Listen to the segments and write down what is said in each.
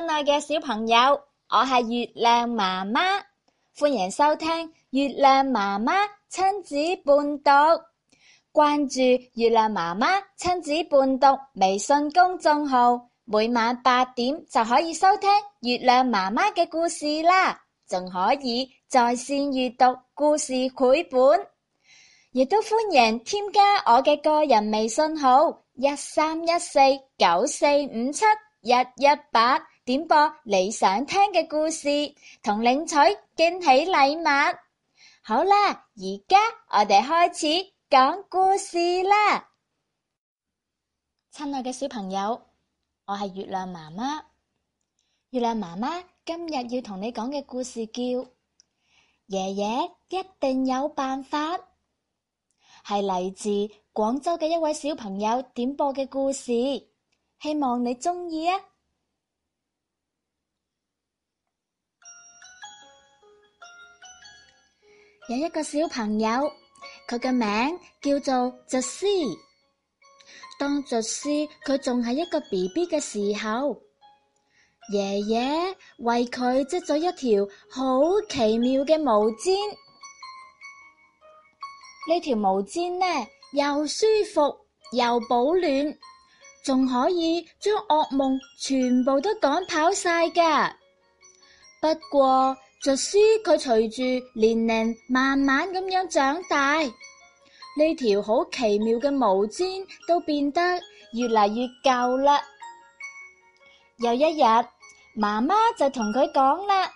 親愛嘅小朋友，我係月亮媽媽，歡迎收聽月亮媽媽親子伴讀。關注月亮媽媽親子伴讀微信公眾號，每晚八點就可以收聽月亮媽媽嘅故事啦，仲可以在線閱讀故事繪本，亦都歡迎添加我嘅個人微信號：一三一四九四五七一一八。點播你想聽嘅故事，同領取驚喜禮物。好啦，而家我哋開始講故事啦。親愛嘅小朋友，我係月亮媽媽。月亮媽媽今日要同你講嘅故事叫《爺爺一定有辦法》，係嚟自廣州嘅一位小朋友點播嘅故事，希望你中意啊！有一個小朋友，佢嘅名叫做澤斯。當澤斯佢仲係一個 B B 嘅時候，爺爺為佢織咗一條好奇妙嘅毛毯。條毛毯呢條毛毯呢又舒服又保暖，仲可以將噩夢全部都趕跑晒噶。不過，廚師佢隨住年齡慢慢咁樣長大，呢條好奇妙嘅毛氈都變得越嚟越舊啦。有一日，媽媽就同佢講啦：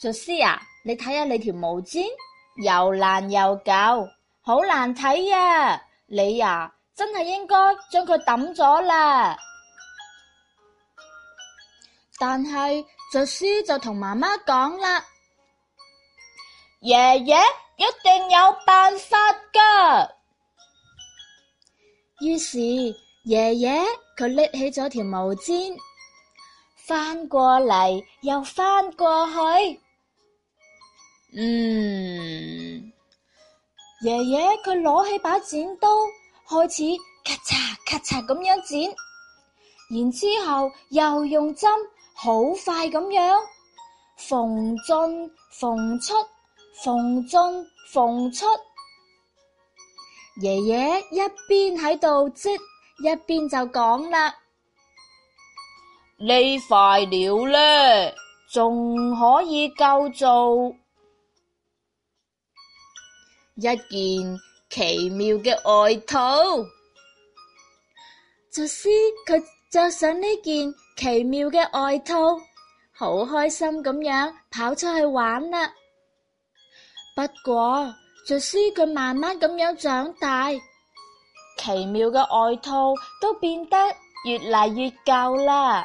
廚師啊，你睇下你條毛氈又爛又舊，好難睇啊！你呀，真係應該將佢抌咗啦。但係。著書就同媽媽講啦，爺爺一定有辦法噶。於是爺爺佢拎起咗條毛氈，翻過嚟又翻過去。嗯，爺爺佢攞起把剪刀，開始咔嚓咔嚓咁樣剪，然之後又用針。好快咁樣縫進縫出，縫進縫出。爺爺一邊喺度織，一邊就講啦：呢塊料咧，仲可以夠做一件奇妙嘅外套。就知佢。着上呢件奇妙嘅外套，好開心咁樣跑出去玩啦。不過，爵士佢慢慢咁樣長大，奇妙嘅外套都變得越嚟越舊啦。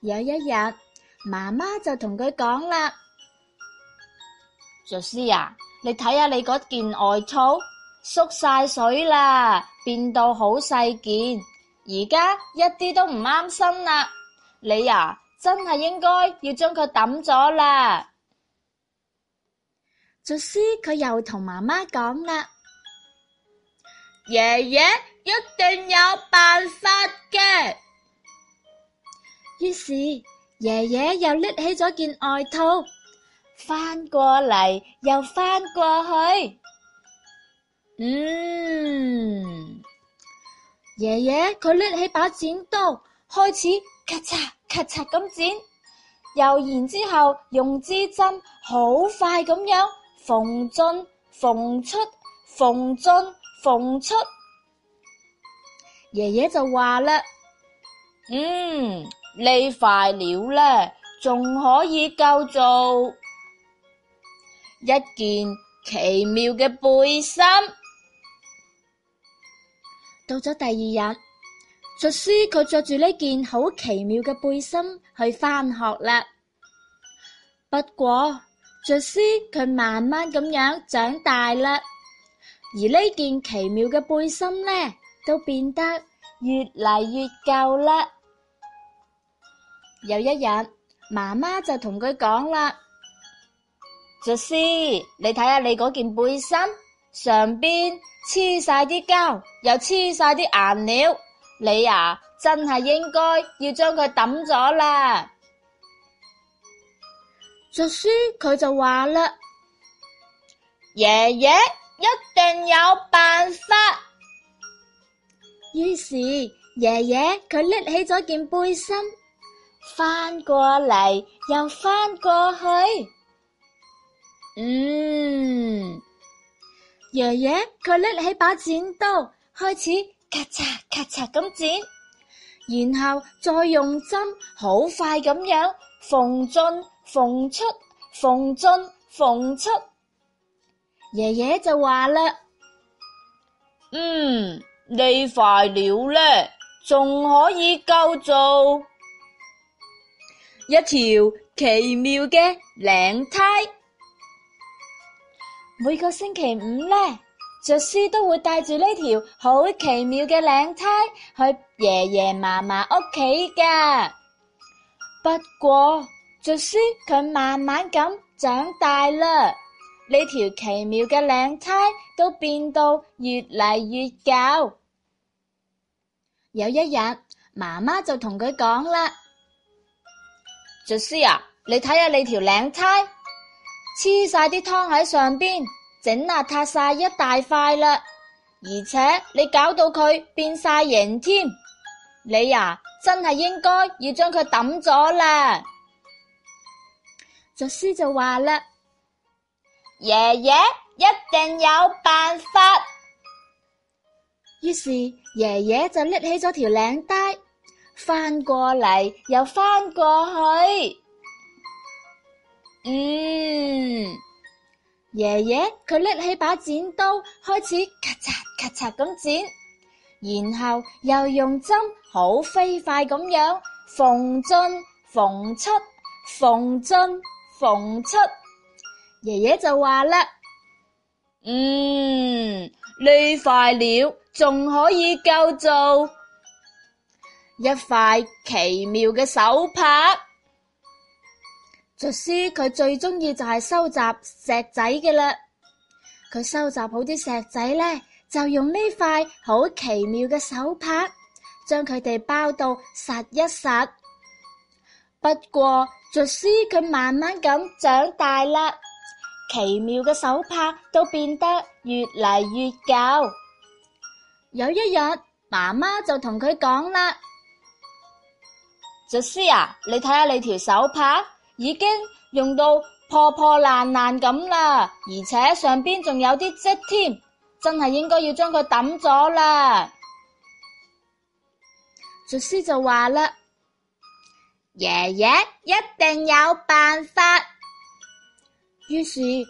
有一日，媽媽就同佢講啦：爵士啊，你睇下你嗰件外套縮晒水啦，變到好細件。而家一啲都唔啱身啦，你呀、啊、真係應該要將佢抌咗啦。約瑟佢又同媽媽講啦，爺爺一定有辦法嘅。於是爺爺又拎起咗件外套，翻過嚟，又翻過去，嗯。爺爺佢拎起把剪刀，開始咔嚓咔嚓咁剪，又然之後用支針好快咁樣縫進縫出縫進縫出。爺爺就話啦：嗯，呢塊料咧仲可以夠做一件奇妙嘅背心。到咗第二日，約瑟佢着住呢件好奇妙嘅背心去返學啦。不過，約瑟佢慢慢咁樣長大啦，而呢件奇妙嘅背心呢，都變得越嚟越舊啦。有一日，媽媽就同佢講啦：約瑟，你睇下你嗰件背心。上邊黐晒啲膠，又黐晒啲顏料，你啊真係應該要將佢抌咗啦。約瑟佢就話啦，爺爺一定有辦法。於是爺爺佢拎起咗件背心，翻過嚟又翻過去，嗯。爺爺佢拎起把剪刀，開始咔嚓咔嚓咁剪，然後再用針好快咁樣縫進縫出，縫進縫出。爺爺就話啦：嗯，呢塊料咧，仲可以夠做一條奇妙嘅領呔。每個星期五呢，爵士都會帶住呢條好奇妙嘅領呔去爺爺嫲嫲屋企㗎。不過，爵士佢慢慢咁長大啦，呢條奇妙嘅領呔都變到越嚟越舊。有一日，媽媽就同佢講啦：「爵士啊，你睇下你條領呔。黐晒啲湯喺上邊，整邋遢晒一大塊啦，而且你搞到佢變晒形添，你呀、啊、真係應該要將佢抌咗啦。約瑟 就話啦，爺爺 一定有辦法。於 是爺爺就拎起咗條領帶，翻過嚟又翻過去。嗯，爺爺佢拎起把剪刀，開始咔嚓咔嚓咁剪，然後又用針好飛快咁樣縫進縫出縫進縫出。爺爺就話啦：嗯，呢塊料仲可以夠做一塊奇妙嘅手帕。石師佢最中意就係收集石仔嘅啦。佢收集好啲石仔呢，就用呢塊好奇妙嘅手帕將佢哋包到實一實。不過石師佢慢慢咁長大啦，奇妙嘅手帕都變得越嚟越舊。有一日，媽媽就同佢講啦，石師啊，你睇下你條手帕。已經用到破破爛爛咁啦，而且上邊仲有啲跡添，真係應該要將佢抌咗啦。廚師就話啦：爺爺一定有辦法。於是爺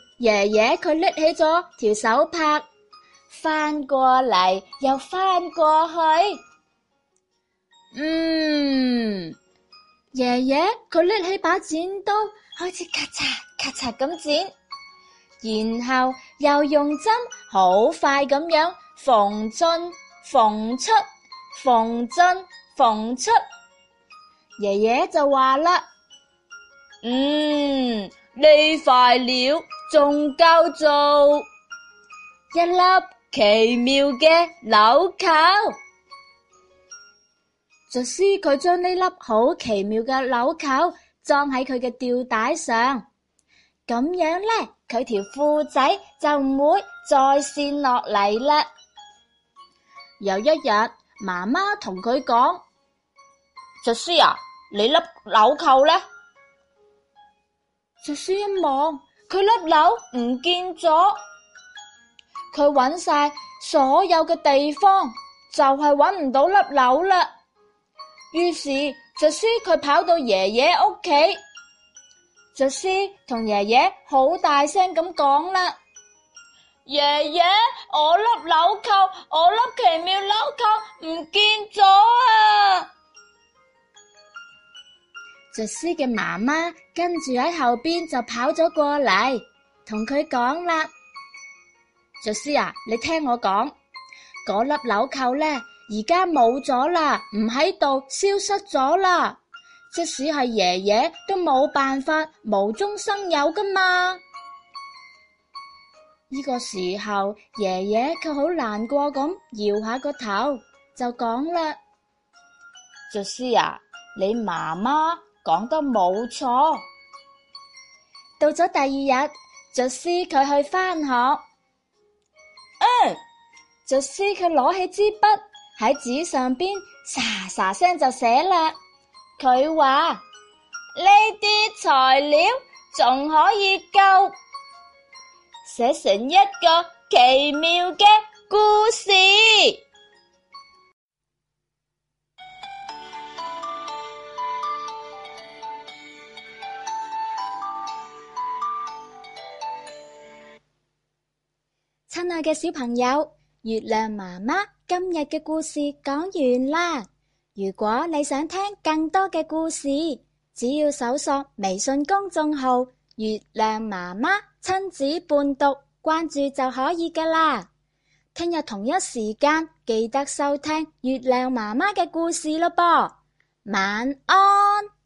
爺佢拎起咗條手帕，翻過嚟又翻過去，嗯。爺爺佢拎起把剪刀，開始咔嚓咔嚓咁剪，然後又用針好快咁樣縫進縫出，縫進縫出。爺爺就話啦：嗯，呢塊料仲夠做一粒奇妙嘅紐扣廚師佢將呢粒好奇妙嘅紐扣裝喺佢嘅吊帶上，咁樣呢佢條褲仔就唔會再線落嚟啦。有一日，媽媽同佢講：廚師啊，你粒紐扣呢？廚師一望，佢粒紐唔見咗，佢揾晒所有嘅地方，就係揾唔到粒紐啦。於是，爵士佢跑到爺爺屋企，爵士同爺爺好大聲咁講啦：爺爺，我粒紐扣，我粒奇妙紐扣唔見咗啊！爵士嘅媽媽跟住喺後邊就跑咗過嚟，同佢講啦：爵士啊，你聽我講，嗰粒紐扣咧。而家冇咗啦，唔喺度，消失咗啦。即使係爺爺都冇辦法無中生有噶嘛。呢個時候，爺爺佢好難過咁搖下個頭，就講啦：「爵士啊，你媽媽講得冇錯。到咗第二日，爵士佢去翻學，嗯，爵士佢攞起支筆。喺紙上邊，沙沙聲就寫啦。佢話呢啲材料仲可以夠寫成一個奇妙嘅故事。親愛嘅小朋友，月亮媽媽。今日嘅故事講完啦，如果你想聽更多嘅故事，只要搜索微信公眾號月亮媽媽親子伴讀，關注就可以㗎啦。聽日同一時間記得收聽月亮媽媽嘅故事咯噃，晚安。